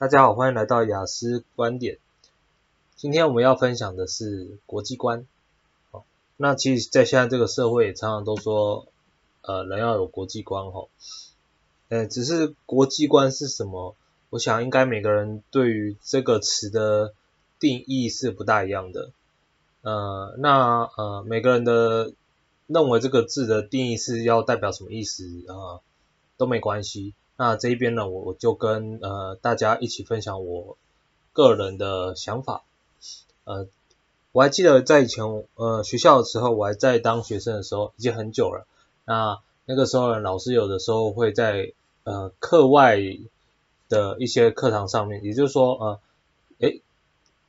大家好，歡迎來到亞斯觀點。今天我們要分享的是國際觀。那其實，在現在這個社會，常常都說，呃，人要有國際觀吼。呃，只是國際觀是什麼？我想，應該每個人對於這個詞的定義是不大一樣的。呃，那呃，每個人的認為這個字的定義是要代表什麼意思啊，呃，都沒關係。那這一邊呢，我我就跟呃大家一起分享我個人的想法，呃，我還記得在以前呃學校的時候，我還在當學生的時候，已經很久了。那那個時候呢，老師有的時候會在呃課外的一些課堂上面，也就是說呃，誒，比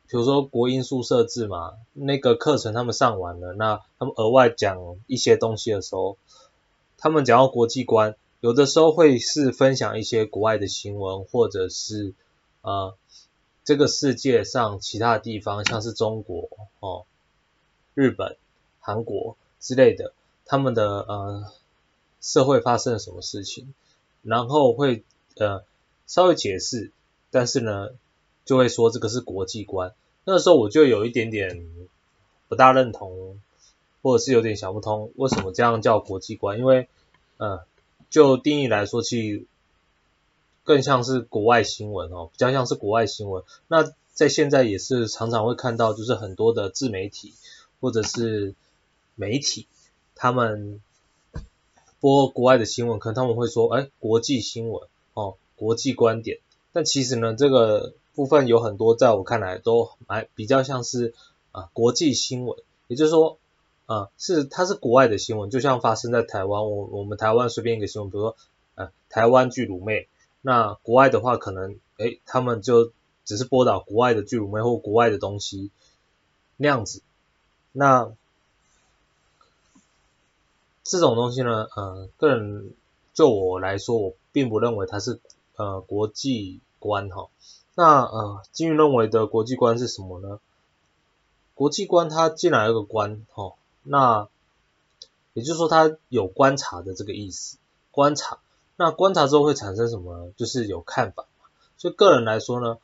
如說國英數設置嘛，那個課程他們上完了，那他們額外講一些東西的時候，他們講到國際觀。有的時候會是分享一些國外的新聞，或者是呃這個世界上其他的地方，像是中國哦、日本、韓國之類的，他們的呃社會發生了什麼事情，然後會呃稍微解釋，但是呢就會說這個是國際觀。那時候我就有一點點不大認同，或者是有點想不通為什麼這樣叫國際觀，因為嗯。呃就定義來說，去更像是國外新聞哦，比較像是國外新聞。那在現在也是常常會看到，就是很多的自媒體或者是媒體，他們播國外的新聞，可能他們會說，哎、欸，國際新聞哦，國際觀點。但其實呢，這個部分有很多，在我看來都還比較像是啊國際新聞，也就是說。啊，是，它是國外的新聞，就像發生在台灣，我我們台灣隨便一個新聞，比如說，啊、呃、台灣巨乳妹，那國外的話，可能，哎，他們就只是報導國外的巨乳妹或國外的東西，那樣子，那這種東西呢，呃，個人就我來說，我並不認為它是，呃，國際觀哈，那呃，金魚認為的國際觀是什麼呢？國際觀它進來一個觀，哈、哦。那也就是說，他有觀察的這個意思，觀察。那觀察之後會產生什麼呢？就是有看法嘛。所以個人來說呢，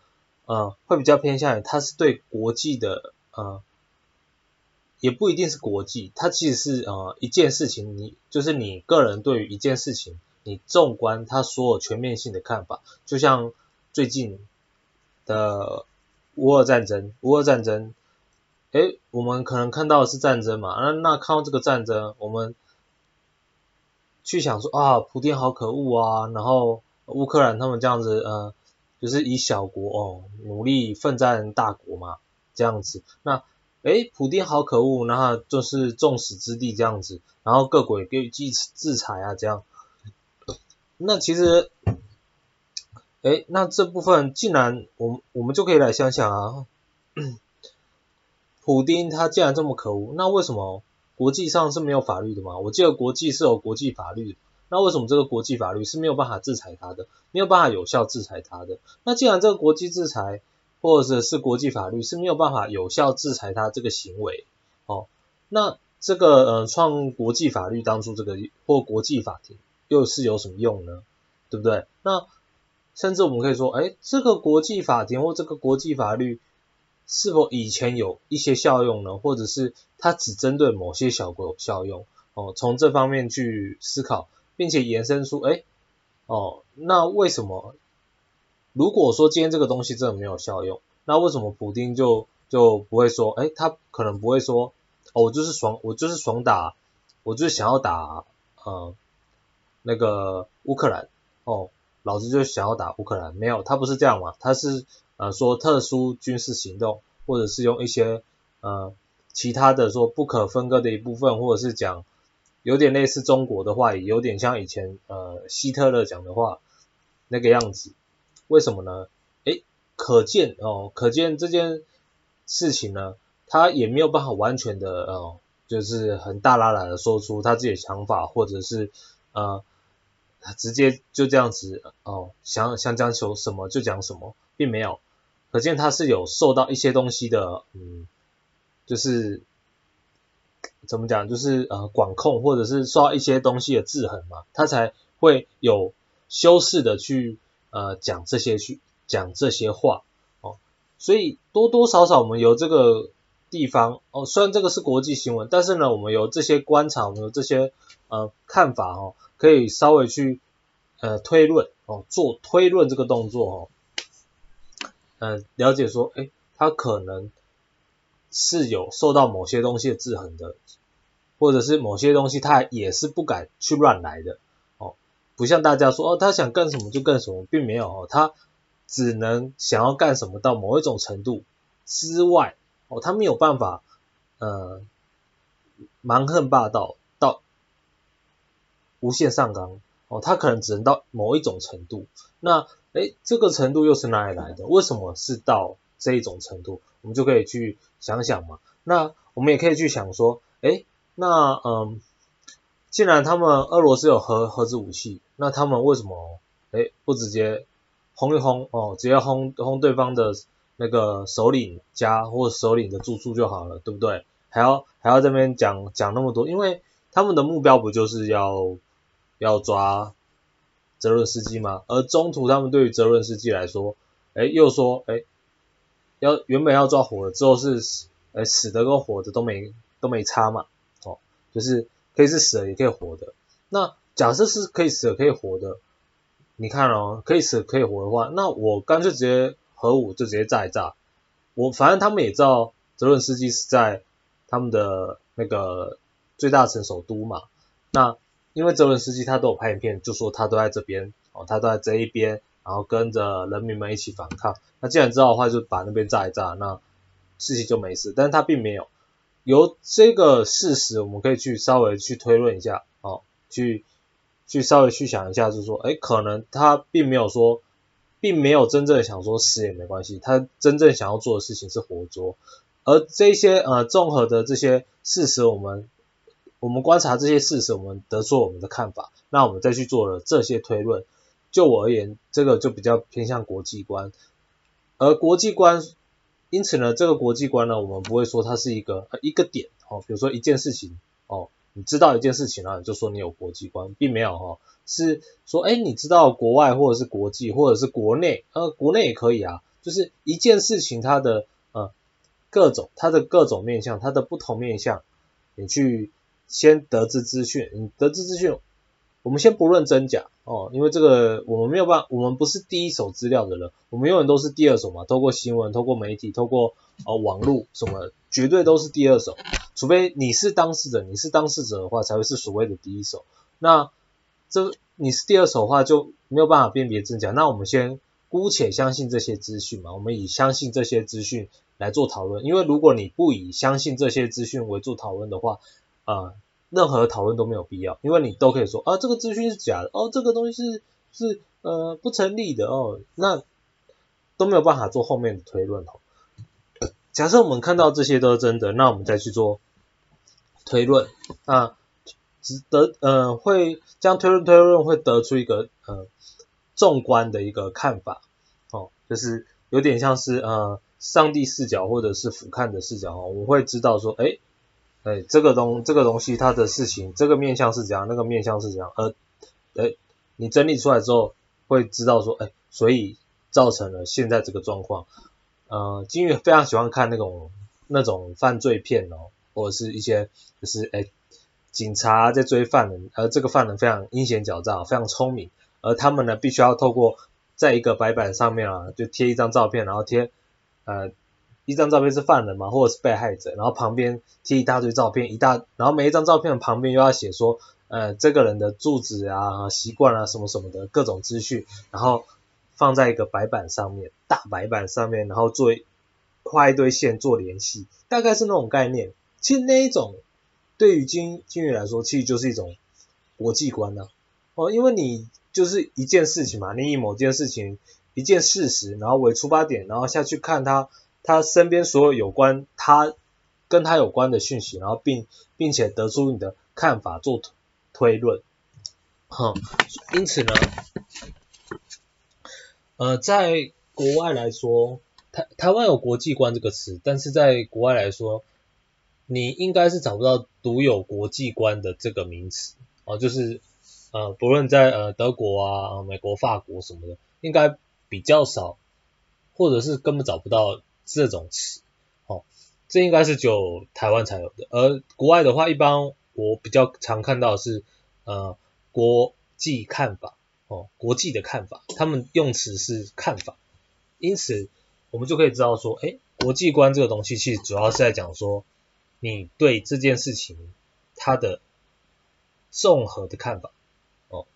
啊、呃，會比較偏向於他是對國際的，呃也不一定是國際，他其實是呃一件、就是、一件事情，你就是你個人對於一件事情，你縱觀他所有全面性的看法，就像最近的烏俄戰爭，烏俄戰爭。哎，我們可能看到的是戰爭嘛？那那看到這個戰爭，我們去想說啊，普丁好可惡啊，然後烏克蘭他們這樣子，呃，就是以小國哦努力奮戰大國嘛，這樣子。那哎，普丁好可惡，然後就是眾矢之的這樣子，然後各國也給予制裁啊這樣。那其實，哎，那這部分竟然我們我們就可以來想想啊。普丁他既然這麼可惡，那為什麼國際上是沒有法律的嗎？我記得國際是有國際法律的，那為什麼這個國際法律是沒有辦法制裁他的，沒有辦法有效制裁他的？那既然這個國際制裁或者是國際法律是沒有辦法有效制裁他這個行為，哦，那這個呃創國際法律當初這個或國際法庭又是有什麼用呢？對不對？那甚至我們可以說，哎，這個國際法庭或這個國際法律是否以前有一些效用呢？或者是它只針對某些小國有效用？哦，從這方面去思考，並且延伸出，誒，哦，那為什麼？如果說今天這個東西真的沒有效用，那為什麼普丁就就不會說，誒，他可能不會說，哦，我就是爽，我就是爽打，我就是想要打，呃，那個烏克蘭，哦。老子就想要打烏克蘭，沒有，他不是這樣嘛，他是呃說特殊軍事行動，或者是用一些呃其他的說不可分割的一部分，或者是講有點類似中國的話，也有點像以前呃希特勒講的話那個樣子。為什麼呢？誒，可見哦，可見這件事情呢，他也沒有辦法完全的呃、哦，就是很大剌剌的說出他自己的想法，或者是呃。直接就這樣子哦，想想講求什麼就講什麼，並沒有，可見他是有受到一些東西的，嗯，就是怎麼講，就是呃管控或者是受一些東西的制衡嘛，他才會有修飾的去呃講這些去講這些話哦，所以多多少少我們由這個地方哦，雖然這個是國際新聞，但是呢，我們有這些觀察，我們有這些。呃，看法哦，可以稍微去呃推論哦，做推論這個動作哦，呃，了解說，誒、欸，他可能是有受到某些東西的制衡的，或者是某些東西他也是不敢去亂來的哦，不像大家說哦，他想幹什麼就幹什麼，並沒有哦，他只能想要幹什麼到某一種程度之外哦，他沒有辦法呃蠻橫霸道。無限上綱哦，他可能只能到某一種程度。那誒這個程度又是哪裡來，來的？為什麼是到這一種程度？我們就可以去想想嘛。那我們也可以去想說，哎，那嗯，既然他們俄羅斯有核核子武器，那他們為什麼哎不直接轟一轟哦，直接轟轟對方的那個首領家或首領的住處就好了，對不對？還要還要這邊講講那麼多，因為他們的目標不就是要？要抓澤倫斯基嘛，而中途他們對於澤倫斯基來說，哎、欸，又說，哎、欸，要原本要抓活的之後是死，哎、欸，死的跟活的都沒都沒差嘛，哦，就是可以是死的也可以活的。那假設是可以死可以活的，你看哦，可以死可以活的話，那我乾脆直接核武就直接炸一炸。我反正他們也知道澤倫斯基是在他們的那個最大城首都嘛，那。因為澤倫斯基他都有拍影片，就說他都在這邊哦，他都在這一邊，然後跟着人民們一起反抗。那既然知道的話，就把那邊炸一炸，那事情就沒事。但是他並沒有。由這個事實，我們可以去稍微去推論一下哦，去去稍微去想一下，就是說，哎，可能他並沒有說，並沒有真正想說死也沒關係，他真正想要做的事情是活捉。而這些呃，綜合的這些事實，我們。我們觀察這些事實，我們得出我們的看法，那我們再去做了這些推論。就我而言，這個就比較偏向國際觀，而國際觀，因此呢，這個國際觀呢，我們不會說它是一個一個點哦，比如說一件事情哦，你知道一件事情，然後你就說你有國際觀，並沒有哦，是說，哎，你知道國外或者是國際或者是國內，呃，國內也可以啊，就是一件事情它的呃、啊、各種它的各種面向，它的不同面向，你去先得知資訊，你得知資訊，我們先不論真假哦，因為這個我們沒有辦法，我們不是第一手資料的人，我們永遠都是第二手嘛，透過新聞、透過媒體、透過呃、哦、網絡什麼，絕對都是第二手，除非你是當事者，你是當事者的話才會是所謂的第一手。那這你是第二手的話，就沒有辦法辨別真假。那我們先姑且相信這些資訊嘛，我們以相信這些資訊來做討論，因為如果你不以相信這些資訊為做討論的話，啊，任何的討論都沒有必要，因為你都可以說啊，這個資訊是假的哦，這個東西是是呃不成立的哦，那都沒有辦法做後面的推論哦。假設我們看到這些都是真的，那我們再去做推論，啊，只得呃會這樣推論，推論會得出一個呃縱觀的一個看法哦，就是有點像是呃上帝視角或者是俯瞰的視角哦，我們會知道說哎。誒哎，這個東這個東西它的事情，這個面向是怎樣，那個面向是怎樣？而、呃，誒你整理出來之後會知道說，哎，所以造成了現在這個狀況。呃，金魚非常喜歡看那種那種犯罪片哦，或者是一些就是哎，警察在追犯人，而、呃、這個犯人非常陰險狡詐，非常聰明，而他們呢必須要透過在一個白板上面啊，就貼一張照片，然後貼呃。一張照片是犯人嘛，或者是被害者，然後旁邊貼一大堆照片，一大，然後每一張照片旁邊又要寫說，呃，這個人的住址啊、習慣啊、什麼什麼的各種資訊，然後放在一個白板上面，大白板上面，然後做一跨一堆線做聯繫，大概是那種概念。其實那一種對於金金魚來說，其實就是一種國際觀呢、啊。哦，因為你就是一件事情嘛，你以某件事情、一件事實，然後為出發點，然後下去看它。他身邊所有有關他跟他有關的訊息，然後並並且得出你的看法，做推論，哼，因此呢，呃，在國外來說，台台灣有國際觀這個詞，但是在國外來說，你應該是找不到獨有國際觀的這個名詞哦，呃，就是呃，不論在呃德國啊、美國、法國什麼的，應該比較少，或者是根本找不到。這種詞，哦，這應該是只有台灣才有的。而國外的話，一般我比較常看到的是，呃，國際看法，哦，國際的看法，他們用詞是看法。因此，我們就可以知道說，誒，國際觀這個東西，其實主要是在講說，你對這件事情它的綜合的看法，哦，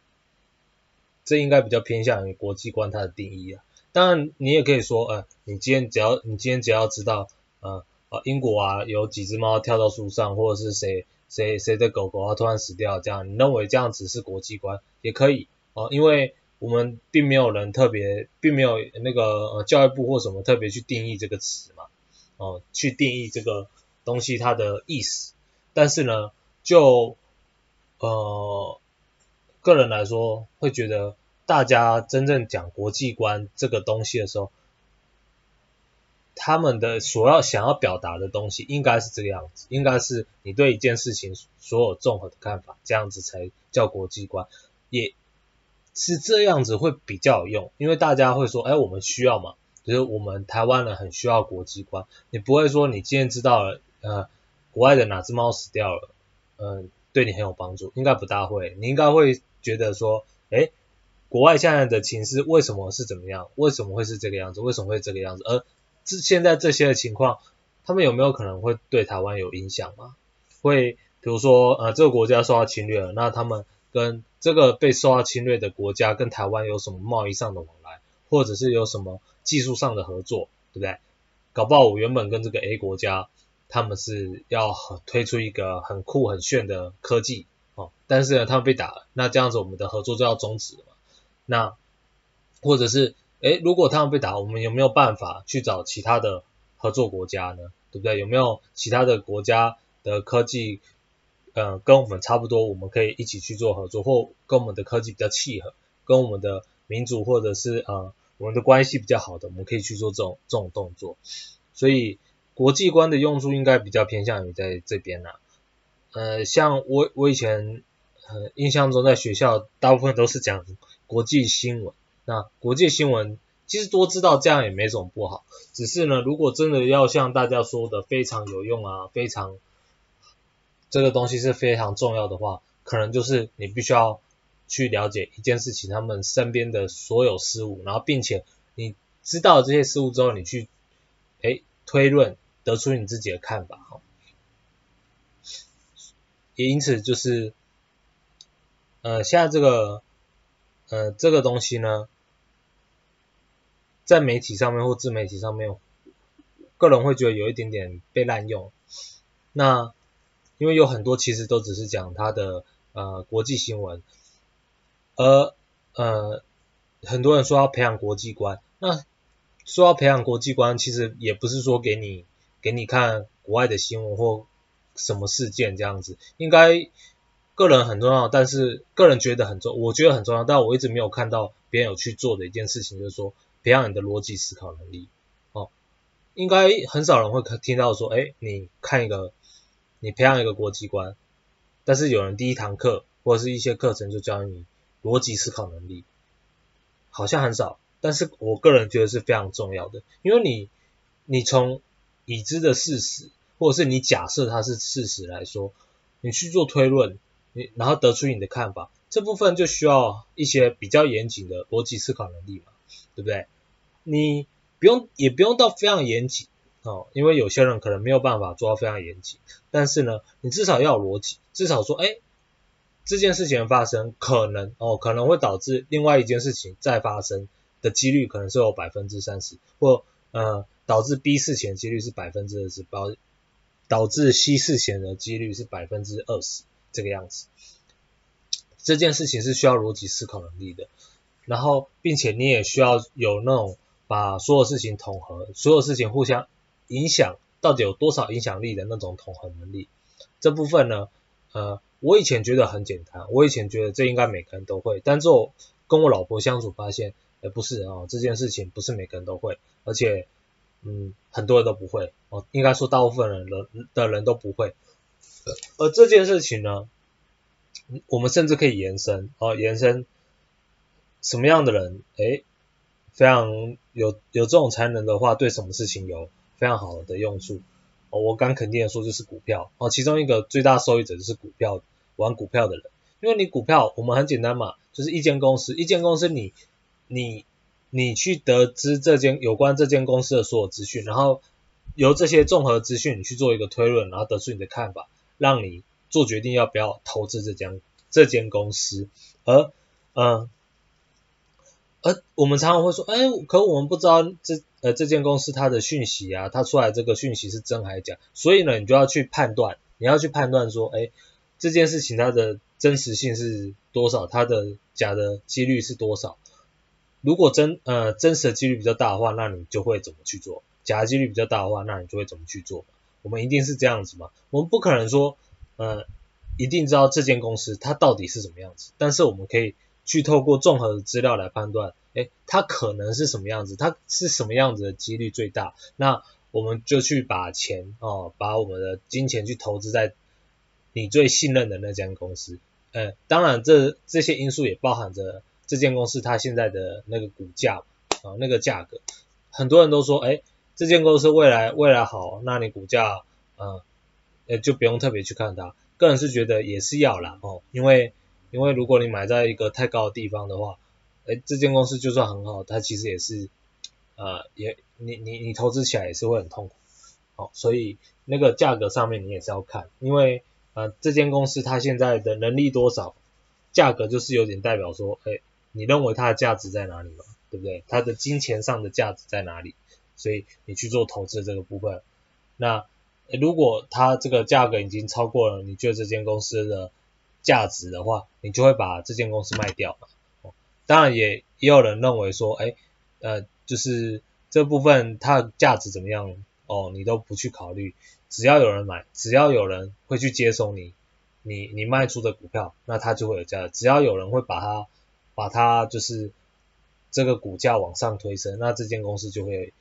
這應該比較偏向於國際觀它的定義啊。但你也可以說，呃，你今天只要你今天只要知道，呃，呃，英國啊有幾隻貓跳到樹上，或者是誰誰誰的狗狗啊突然死掉，這樣你認為這樣子是國際觀也可以，哦、呃，因為我們並沒有人特別，並沒有那個呃教育部、或什麼特別去定義這個詞嘛，哦、呃，去定義這個東西它的意思。但是呢，就呃個人來說會覺得。大家真正講國際觀這個東西的時候，他們的所要想要表達的東西應該是這個樣子，應該是你對一件事情所有綜合的看法，這樣子才叫國際觀，也是這樣子會比較有用，因為大家會說，哎，我們需要嘛，就是我們台灣人很需要國際觀，你不會說你今天知道了，呃，國外的哪隻貓死掉了，嗯，呃，對你很有幫助，應該不大會，你應該會覺得說，哎。國外現在的情勢為什麼是怎麼樣？為什麼會是這個樣子？為什麼會這個樣子？而這現在這些的情況，他們有沒有可能會對台灣有影響嗎？會，比如說，呃、啊，這個國家受到侵略了，那他們跟這個被受到侵略的國家跟台灣有什麼貿易上的往來，或者是有什麼技術上的合作，對不對？搞不好我原本跟這個 A 國家，他們是要推出一個很酷很炫的科技哦，但是呢，他們被打了，那這樣子我們的合作就要終止。那或者是哎，如果他們被打，我們有沒有辦法去找其他的合作國家呢？對不對？有沒有其他的國家的科技呃跟我們差不多，我們可以一起去做合作，或跟我們的科技比較契合，跟我們的民族或者是呃我們的關係比較好的，我們可以去做這種這種動作。所以國際觀的用處應該比較偏向於在這邊啦、啊。呃，像我我以前、呃、印象中，在學校大部分都是講。國際新聞，那國際新聞其實多知道這樣也沒什麼不好。只是呢，如果真的要像大家說的非常有用啊，非常這個東西是非常重要的話，可能就是你必須要去了解一件事情他們身邊的所有事物，然後並且你知道了這些事物之後，你去哎推論得出你自己的看法哈。也因此就是呃現在這個。呃，這個東西呢，在媒體上面或自媒體上面，個人會覺得有一點點被濫用。那因為有很多其實都只是講它的呃國際新聞，而呃很多人說要培養國際觀，那說要培養國際觀，其實也不是說給你給你看國外的新聞或什麼事件這樣子，應該。個人很重要，但是個人覺得很重要，我覺得很重要，但我一直沒有看到別人有去做的一件事情，就是說培養你的邏輯思考能力。哦，應該很少人會聽到說，誒，你看一個，你培養一個國際觀，但是有人第一堂課或者是一些課程就教你邏輯思考能力，好像很少。但是我個人覺得是非常重要的，因為你，你從已知的事實，或者是你假設它是事實來說，你去做推論。你然後得出你的看法，這部分就需要一些比較嚴謹的邏輯思考能力嘛，對不對？你不用也不用到非常嚴謹哦，因為有些人可能沒有辦法做到非常嚴謹，但是呢，你至少要有邏輯，至少說，哎，這件事情發生可能哦，可能會導致另外一件事情再發生的幾率可能是有百分之三十，或呃導致 B 事前幾率是百分之二十，導致 C 事前的幾率是百分之二十。這個樣子，這件事情是需要邏輯思考能力的，然後，並且你也需要有那種把所有事情統合，所有事情互相影響，到底有多少影響力的那種統合能力。這部分呢，呃，我以前覺得很簡單，我以前覺得這應該每個人都會，但是我跟我老婆相處發現，哎，不是哦，這件事情不是每個人都會，而且，嗯，很多人都不會，哦，應該說大部分人，人的人都不會。而這件事情呢，我們甚至可以延伸啊，哦，延伸什麼樣的人，誒，非常有有這種才能的話，對什麼事情有非常好的用處。哦，我敢肯定的說，就是股票哦，其中一個最大受益者就是股票，玩股票的人，因為你股票我們很簡單嘛，就是一間公司，一間公司你你你去得知這間有關這間公司的所有資訊，然後由這些綜合資訊你去做一個推論，然後得出你的看法。讓你做決定，要不要投資這間這間公司，而嗯、呃，而我們常常會說，哎，可我們不知道這呃這間公司它的訊息啊，它出來這個訊息是真還是假，所以呢，你就要去判斷，你要去判斷說，哎，這件事情它的真實性是多少，它的假的幾率是多少？如果真呃真實的幾率比較大的話，那你就會怎麼去做？假的幾率比較大的話，那你就會怎麼去做？我們一定是這樣子嘛？我們不可能說，呃，一定知道這間公司它到底是什麼樣子。但是我們可以去透過綜合的資料來判斷，誒，它可能是什麼樣子，它是什麼樣子的幾率最大。那我們就去把錢哦，把我們的金錢去投資在你最信任的那間公司。誒，當然這這些因素也包含着這間公司它現在的那個股價啊，哦，那個價格。很多人都說，誒。這間公司未來未來好，那你股價，嗯、呃，呃，就不用特別去看它。個人是覺得也是要啦哦，因為因為如果你買在一個太高的地方的話，誒，這間公司就算很好，它其實也是，呃，也你你你投資起來也是會很痛苦。好、哦，所以那個價格上面你也是要看，因為，呃，這間公司它現在的能力多少，價格就是有點代表說，哎，你認為它的價值在哪裡嘛，對不對？它的金錢上的價值在哪裡？所以你去做投資這個部分，那如果它這個價格已經超過了你覺得這間公司的價值的話，你就會把這間公司賣掉。當然也也有人認為說，哎、欸，呃，就是這部分它的價值怎麼樣哦，你都不去考慮，只要有人買，只要有人會去接收你，你你賣出的股票，那它就會有價值。只要有人會把它把它就是這個股價往上推升，那這間公司就會。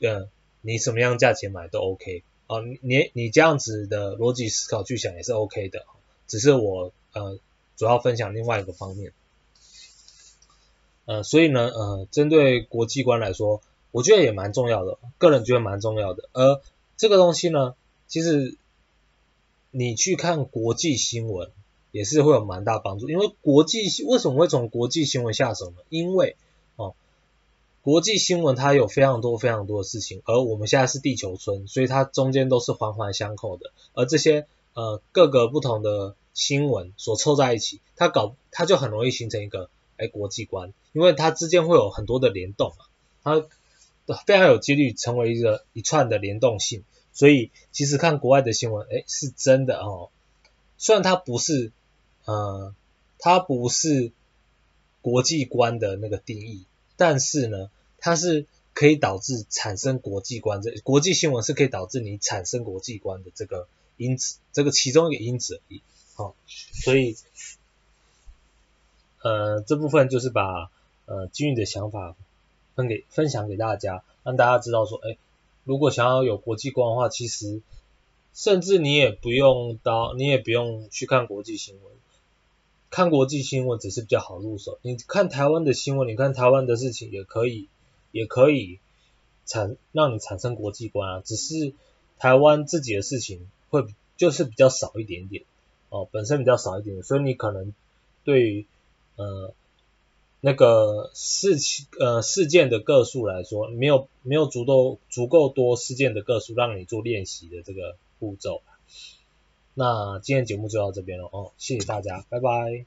呃，你什麼樣價錢買都 OK 哦、呃，你你這樣子的邏輯思考去想也是 OK 的，只是我呃主要分享另外一個方面，呃，所以呢呃，針對國際觀來說，我覺得也蠻重要的，個人覺得蠻重要的，而、呃、這個東西呢，其實你去看國際新聞也是會有蠻大幫助，因為國際為什麼會從國際新聞下手呢？因為國際新聞它有非常多非常多的事情，而我們現在是地球村，所以它中間都是環環相扣的。而這些呃各個不同的新聞所湊在一起，它搞它就很容易形成一個哎國際觀，因為它之間會有很多的聯動嘛，它非常有幾率成為一個一串的聯動性。所以其實看國外的新聞，哎是真的哦，雖然它不是呃它不是國際觀的那個定義。但是呢，它是可以導致產生國際觀，這國際新聞是可以導致你產生國際觀的這個因子，這個其中一個因子而已。好、哦，所以，呃，這部分就是把呃金宇的想法分給分享給大家，讓大家知道說，哎、欸，如果想要有國際觀的話，其實甚至你也不用到，你也不用去看國際新聞。看國際新聞只是比較好入手，你看台灣的新聞，你看台灣的事情也可以，也可以產讓你產生國際觀啊。只是台灣自己的事情會就是比較少一點點，哦，本身比較少一點，所以你可能對於呃那個事情呃事件的個數來說，沒有沒有足夠足夠多事件的個數讓你做練習的這個步驟。那今天節目就到這邊了哦，謝謝大家，拜拜。